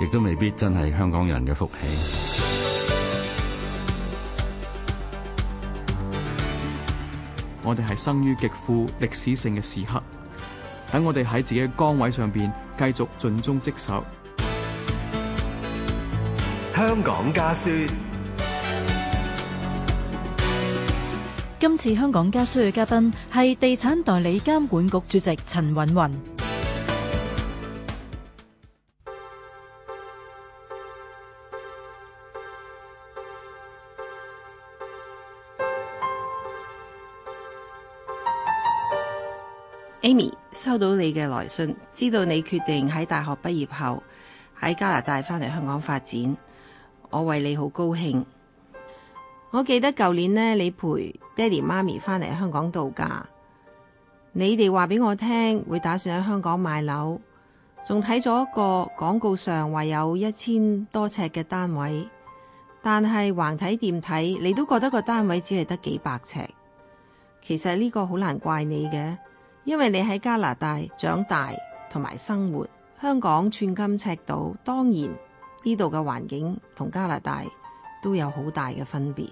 亦都未必真係香港人嘅福氣。我哋係生於極富歷史性嘅時刻，等我哋喺自己嘅崗位上邊繼續盡忠職守。香港家書。今次香港家書嘅嘉賓係地產代理監管局主席陳韻雲。Amy，收到你嘅來信，知道你決定喺大學畢業後喺加拿大返嚟香港發展，我為你好高興。我記得舊年呢，你陪爹哋媽咪返嚟香港度假，你哋話俾我聽會打算喺香港買樓，仲睇咗一個廣告上話有一千多尺嘅單位，但係橫睇掂睇，你都覺得個單位只係得幾百尺。其實呢個好難怪你嘅。因為你喺加拿大長大同埋生活，香港寸金尺土，當然呢度嘅環境同加拿大都有好大嘅分別。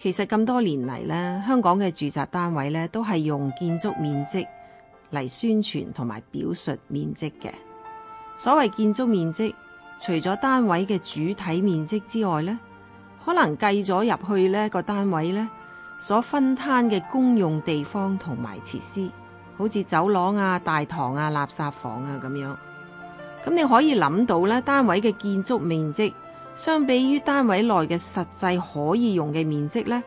其實咁多年嚟呢，香港嘅住宅單位都係用建築面積嚟宣傳同埋表述面積嘅。所謂建築面積，除咗單位嘅主體面積之外呢，可能計咗入去呢個單位所分攤嘅公用地方同埋設施，好似走廊啊、大堂啊、垃圾房啊咁樣。咁你可以諗到咧，單位嘅建築面積相比於單位內嘅實際可以用嘅面積咧，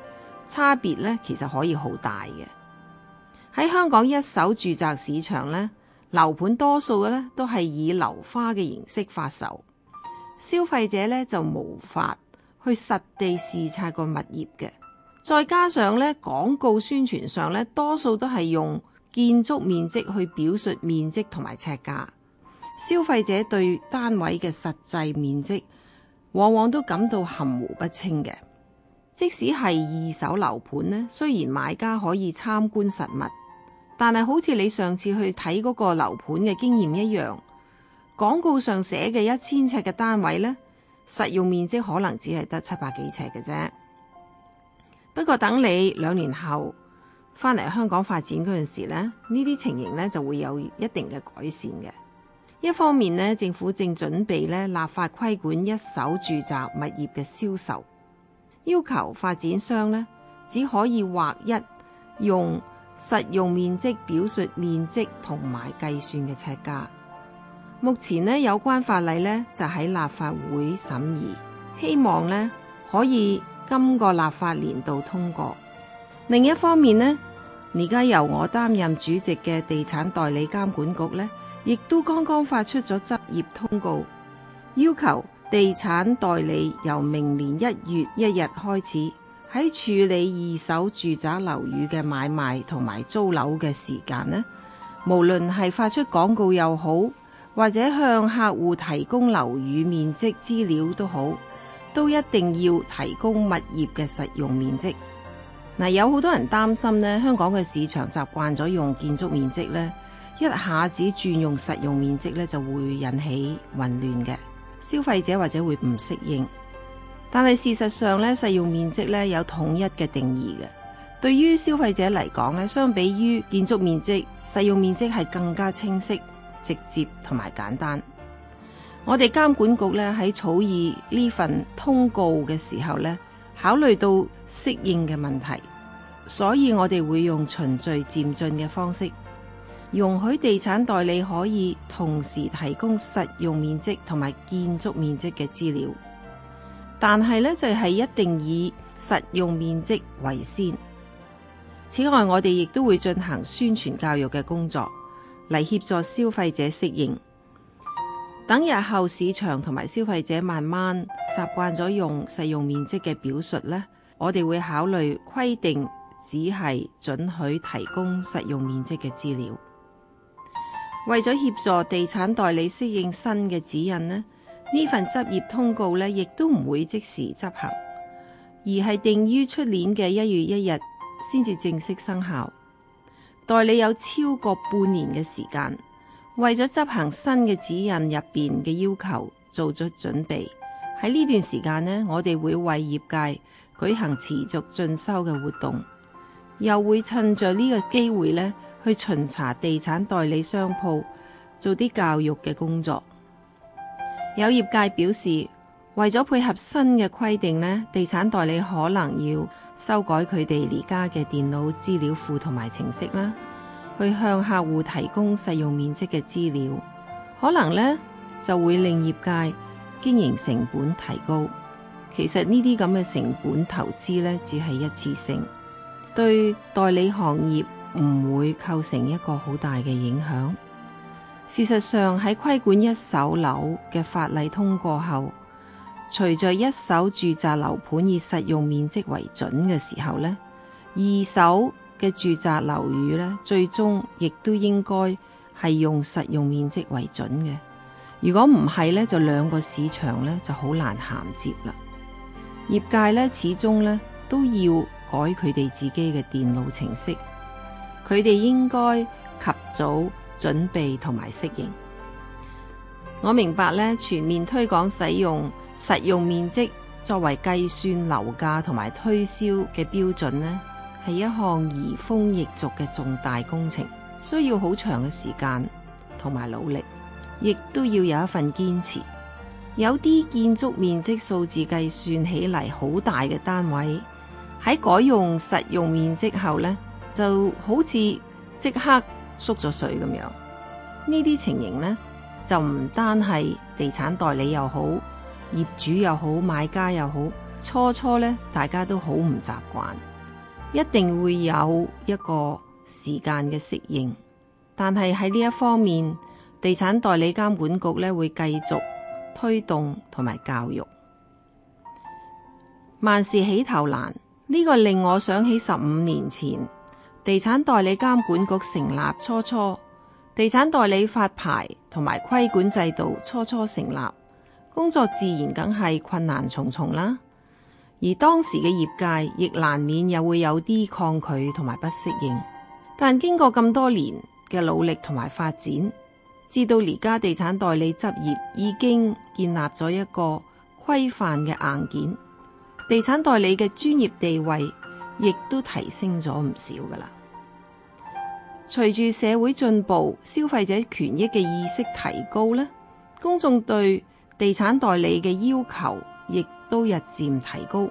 差別咧其實可以好大嘅。喺香港一手住宅市場咧，樓盤多數嘅咧都係以樓花嘅形式發售，消費者咧就無法去實地視察個物業嘅。再加上咧，廣告宣傳上咧，多數都係用建築面積去表述面積同埋尺價，消費者對單位嘅實際面積往往都感到含糊不清嘅。即使係二手樓盤呢，雖然買家可以參觀實物，但係好似你上次去睇嗰個樓盤嘅經驗一樣，廣告上寫嘅一千尺嘅單位咧，實用面積可能只係得七百幾尺嘅啫。不過等你兩年後翻嚟香港發展嗰陣時咧，呢啲情形呢就會有一定嘅改善嘅。一方面呢，政府正準備呢立法規管一手住宅物業嘅銷售，要求發展商呢只可以劃一用實用面積表述面積同埋計算嘅尺價。目前呢有關法例呢就喺立法會審議，希望呢可以。今個立法年度通過。另一方面呢，而家由我擔任主席嘅地產代理監管局呢，亦都剛剛發出咗執業通告，要求地產代理由明年一月一日開始喺處理二手住宅樓宇嘅買賣同埋租樓嘅時間呢，無論係發出廣告又好，或者向客戶提供樓宇面積資料都好，都一定要提供物業嘅實用面積。嗱，有好多人擔心咧，香港嘅市場習慣咗用建築面積呢，一下子轉用實用面積咧，就會引起混亂嘅，消費者或者會唔適應。但係事實上咧，實用面積咧有統一嘅定義嘅。對於消費者嚟講咧，相比於建築面積，實用面積係更加清晰、直接同埋簡單。我哋監管局呢，喺草擬呢份通告嘅時候呢，考慮到適應嘅問題，所以我哋會用循序漸進嘅方式，容許地產代理可以同時提供實用面積同埋建築面積嘅資料，但係呢，就係一定以實用面積為先。此外，我哋亦都會進行宣傳教育嘅工作，嚟協助消費者適應。等日後市場同埋消費者慢慢習慣咗用實用面積嘅表述呢，我哋會考慮規定只係准許提供實用面積嘅資料。為咗協助地產代理適應新嘅指引咧，呢份執業通告呢亦都唔會即時執行，而係定於出年嘅一月一日先至正式生效。代理有超過半年嘅時間。為咗執行新嘅指引入邊嘅要求，做咗準備。喺呢段時間呢，我哋會為業界舉行持續進修嘅活動，又會趁着呢個機會呢，去巡查地產代理商鋪，做啲教育嘅工作。有業界表示，為咗配合新嘅規定呢，地產代理可能要修改佢哋而家嘅電腦資料庫同埋程式啦。去向客戶提供實用面積嘅資料，可能呢就會令業界經營成本提高。其實呢啲咁嘅成本投資呢，只係一次性，對代理行業唔會構成一個好大嘅影響。事實上喺規管一手樓嘅法例通過後，隨着一手住宅樓盤以實用面積為準嘅時候呢，二手。嘅住宅樓宇咧，最終亦都應該係用實用面積為準嘅。如果唔係咧，就兩個市場咧就好難銜接啦。業界咧始終咧都要改佢哋自己嘅電腦程式，佢哋應該及早準備同埋適應。我明白咧，全面推廣使用實用面積作為計算樓價同埋推銷嘅標準咧。係一項移風易俗嘅重大工程，需要好長嘅時間同埋努力，亦都要有一份堅持。有啲建築面積數字計算起嚟好大嘅單位，喺改用實用面積後呢，就好似即刻縮咗水咁樣。呢啲情形，呢，就唔單係地產代理又好，業主又好，買家又好，初初呢大家都好唔習慣。一定會有一個時間嘅適應，但係喺呢一方面，地產代理監管局咧會繼續推動同埋教育。萬事起頭難，呢個令我想起十五年前，地產代理監管局成立初初，地產代理發牌同埋規管制度初初成立，工作自然梗係困難重重啦。而當時嘅業界亦難免又會有啲抗拒同埋不適應，但經過咁多年嘅努力同埋發展，至到而家地產代理執業已經建立咗一個規範嘅硬件，地產代理嘅專業地位亦都提升咗唔少㗎喇。隨住社會進步，消費者權益嘅意識提高呢，公眾對地產代理嘅要求亦都日漸提高，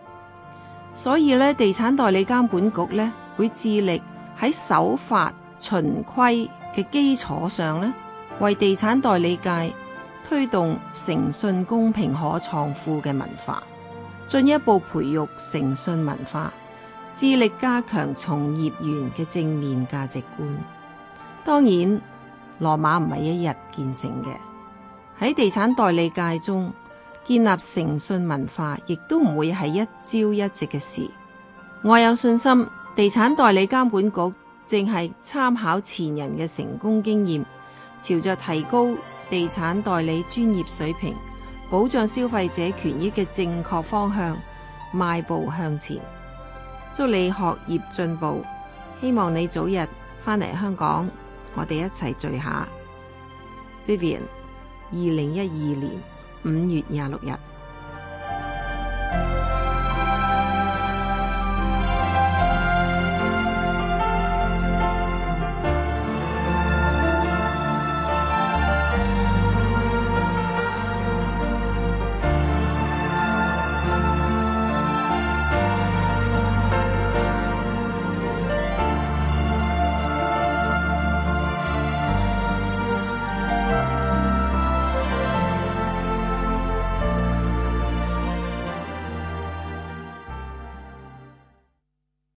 所以咧，地產代理監管局咧會致力喺守法循規嘅基礎上咧，為地產代理界推動誠信、公平、可創富嘅文化，進一步培育誠信文化，致力加強從業員嘅正面價值觀。當然，羅馬唔係一日建成嘅，喺地產代理界中。建立誠信文化，亦都唔會係一朝一夕嘅事。我有信心，地產代理監管局正係參考前人嘅成功經驗，朝着提高地產代理專業水平、保障消費者權益嘅正確方向邁步向前。祝你學業進步，希望你早日翻嚟香港，我哋一齊聚下。Vivian，二零一二年。五月廿六日。